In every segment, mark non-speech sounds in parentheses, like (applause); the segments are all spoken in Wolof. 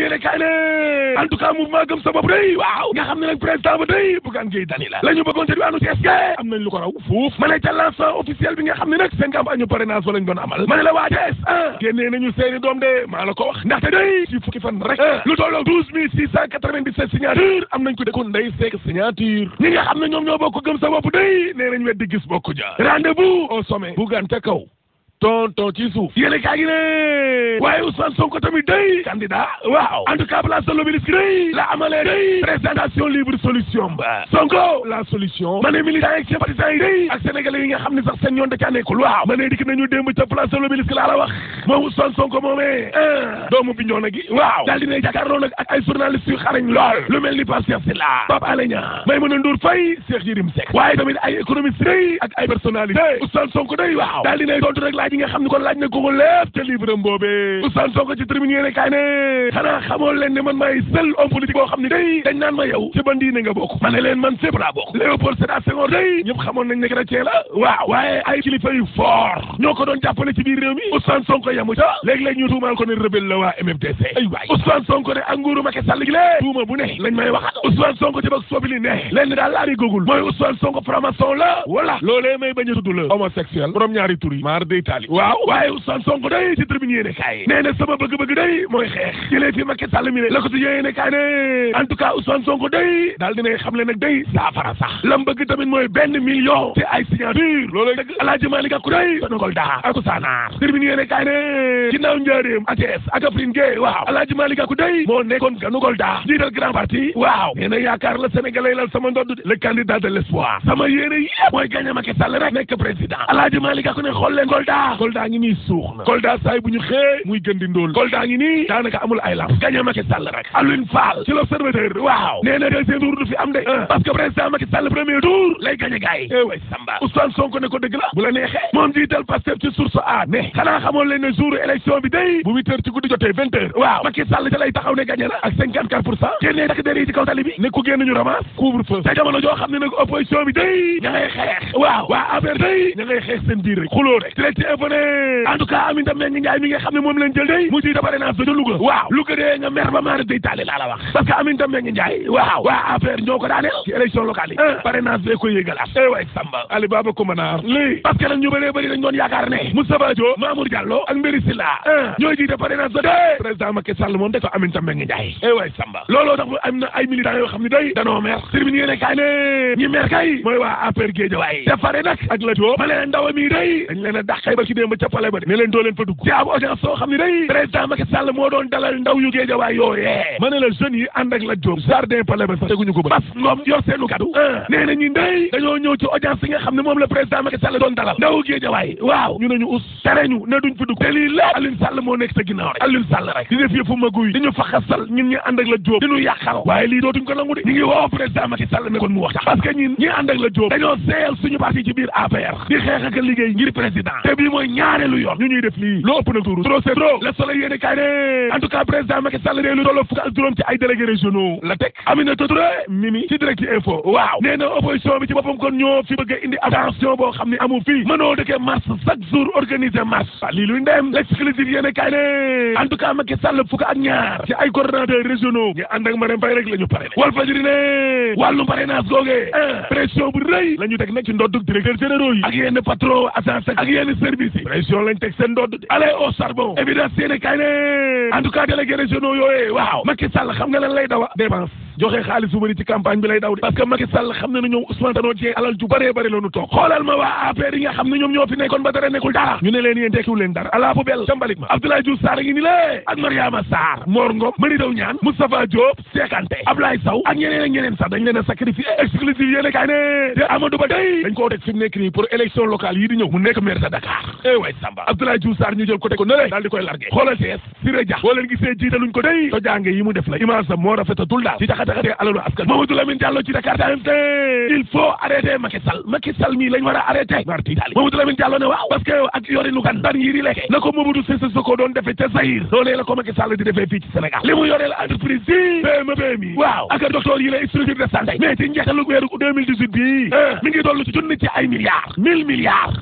yéene kaay ne en xam ne nag président ba day Bougane Gueye Dany la lu ko raw fuuf ma ne quatre-vingt-dix-sept signature am nañ ko dékkoon day signature nga xam ne ñoom ñoo bokk gëm sa bopp day weddi gis bokk ja rendez-vous au sommet Bougane kaw tonton ci suuf yéen a kaa gi ne waaye Ousmane Sonko tamit day candidat waaw en tout cas place de l'Obélisque day la amalee day présentation libre solution Sonko la solution ma ne militant yi sympathisants yi day ak sénégalais yi nga xam ne sax seen yoon da caa nekkul waaw ma ne dikk nañu démb ca place de l'Obélisque la wax moom Ousmane Sonko moomee doomu bi ñoo na gi waaw daal dina jàkkaarloo nag ak ay journalistes yu xarañ lool lu mel ni Pape Cheikh Sylla Pape Alé Niang Maïmouna Ndour laaj yi nga xam laaj na ko ko lépp ca livre boobee Ousmane Sonko ci tribune yéene kaay ne xanaa xamoo leen ne man maay seul homme boo xam ne day dañ naan ma yow ci ban nga bokk ma ne man fépp laa bokk Léopold Sédar day ñëpp xamoon nañ ne chrétien la waaw waaye ay kilifa yu fort ñoo ko doon jàppale ci biir réew mi Ousmane Sonko yamu ca léeg-léeg ñu tuumaal ko ne rebelle la waa MFDC gi lée tuuma bu ne lañ ci bokk sobili ne leen daal laa di góogul mooy Ousmane Sonko franc-maçon la a tudd Malick waaw waaye Ousmane day ci tribune yéene kaay nee na day mooy xeex jëlee fi Macky Sall mi ne la day daal dinay day saafara sax lam bëgg tamit million te ay signature loolu dëgg Alaaji Malick Gakou day sonangol daa ako saanaar tribune yéene kaay ne ginnaaw njaareem ak Thiès grand le candidat de président Kolda ah, Kolda ngi nii suux na Kolda saay bu ñu xëyee muy daanaka amul ay gañe Macky Sall rek Alioune Fall ci l'observateur waaw nee na deuxième du fi am de ah. parce que président Macky premier tour lay gañe gaay eh way Samba Ousmane Sonko ne ko dëgg la bu la neexee moom jiital ci source a ne xanaa xamoon leen ne jour bi day bu huit ci guddi jotee vingt heures waaw Macky Sall ca lay taxaw ne gañe ak cinquante quatre pour cent génnee takk der ci kaw tali bi ne ku génn ñu ramasse ëppane en tout cas Aminata mi nga xam ne moom lañ jël day mu ci da parrainage ba ca Louga waaw Louga dee nga mer ba maana day taale laa la wax parce que Aminata Mbengue Ndiaye waaw waa affaire ñoo ko daaneel ci élection locale yi parrainage ah. bee koy yéegal at eh waay Samba Ali Baba Koumanaar lii nag ñu bëree bëri dañ doon yaakaar ne Moustapha Diop Mamour Diallo ak Mbéri Silla ah. ñooy jiite parrainage ba dee président Macky Sall moom def ko Aminata eh ma leen ndaw mi day dañ leen a barki démb ca pale ba de ne leen doo leen fa dugg ci ab xam ne day président Macky Sall moo doon dalal ndaw yu géejawaay yooyee ma ne la jeunes yi ànd la jóob jardin pale ba sax teguñu ko ba bas ngoom yor seenu kaddu ah nee na ñu dañoo ñëw ci nga xam ne moom la président Macky Sall doon dalal ndaw géejawaay waaw ñu neñu us tereñu ne duñ fa dugg te lii lépp Alioune Sall moo nekk sa ginnaaw rek Alioune Sall di de ñu ngi woo président Macky Sall ne kon ñi ànd mooy ñaareelu yoon ñu ñuy def nii loo ëpp nag tuuru trop c'est trop le soleil yéene kaay ne en président Macky Sall dee lu tolloo fukk ci ay délégués régionaux la teg Aminata Touré Mimi ci direct info waaw nee na opposition bi ci boppam kon ñoo fi bëgg indi attention boo xam ne amu fii mënoo dëkkee mars chaque jour organiser mars wa lii ndem l'exclusif yéene kaay ne en tout cas Macky Sall fukk ak ci ay coordonnateurs régionaux ñu ànd ak service pression lañ teg seen dodd de aller au charbon évidence yéene kay ne en tout cas délégué régionaux yooyee waaw Macky Sall xam nga lan lay dawa dépense joxe xaalis bu bëri ci campagne bi lay daw de parce que Macky xam ne na ñoom Ousmane Tanor Dieng alal ju bëree bëri la ñu toog xoolal ma waa APR yi xam ne ñoom ñoo fi nekkoon ba dara nekkul dara ñu ne leen yéen tekkiwul leen dara ala poubelle jambalik ma Abdoulaye Diouf Sarr ngi ni lée ak Mariama Sarr Mor Ngom Mary Teuw Niane Moustapha Sekante Ablaye Sow ak ñeneen ak ñeneen sax dañ leen a sacrifié exclusive yéene kaay ne eh daal di koy largué xoolal tees yàq-yàqatee alalu askan Mamadou Lamine Diallo ci Dakar Times il faut arrêter Macky Sall Macky Sall mii lañ war a arrêter marti daali Mamadou Lamine Diallo ne waaw parce que nu gan dan yiri lekke na ko Mamadou Sese Soko doon defee ca Zaïre loolee ko Macky Sall di defee fii ci li mu yoreel entreprise yi PME PMI waaw ak docteur yi lay structure de santé mais ci njeexalu weeru 2018 bi mi ngi toll ci junni ci ay milliards mille milliards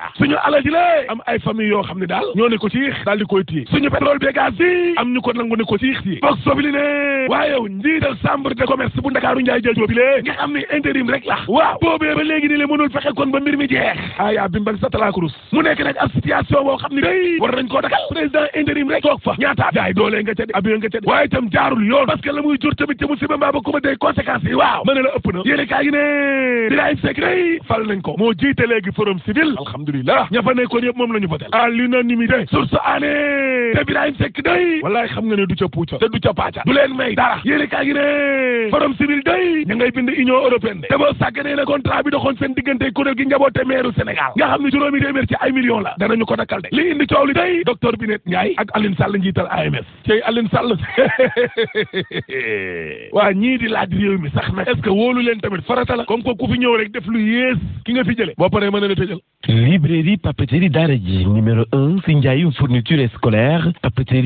mandat suñu alal ji lée am ay famille yoo xam ne daal ñoo ne ko ci yéex daal di koy téye suñu pétrole bi gaz am ñu ko nangu ne ko ci yéex yi boog sobili ne waaye yow njiital chambre de commerce bu ndakaaru njaay jël bi nga xam ne intérim rek la waaw boobee ba léegi ni le mënul fexe kon ba mbir mi jeex aaya bimbal sa talaakurus mu nekk nag ab situation boo xam ne day war nañ nga ca di nga ca waaye itam jaarul yoon parce la muy jur tamit ca musiba alhamdulilah ah, ña fa nekkoon yëpp moom la ñu voté à ah, l'unanimité source année te Birahim Seck day wallaay xam nga ne du ca te du ca du leen may dara yéeni kaa gi ne forum day ña ngay bind union européenne de te boo sàgganee na contrat bi doxoon seen diggante kuréel gi njaboote meeru Sénégal nga xam ne juróomi téeméer ci ay millions la danañu ko dakkal de li indi coow li day docteur Binet Ndiaye ak Aline Sall njiital AMS a Aline Sall (laughs) waa ñii di laaj réew mi sax nag Librairie Papeterie d'Aradji, numéro 1, une fourniture scolaire, papeterie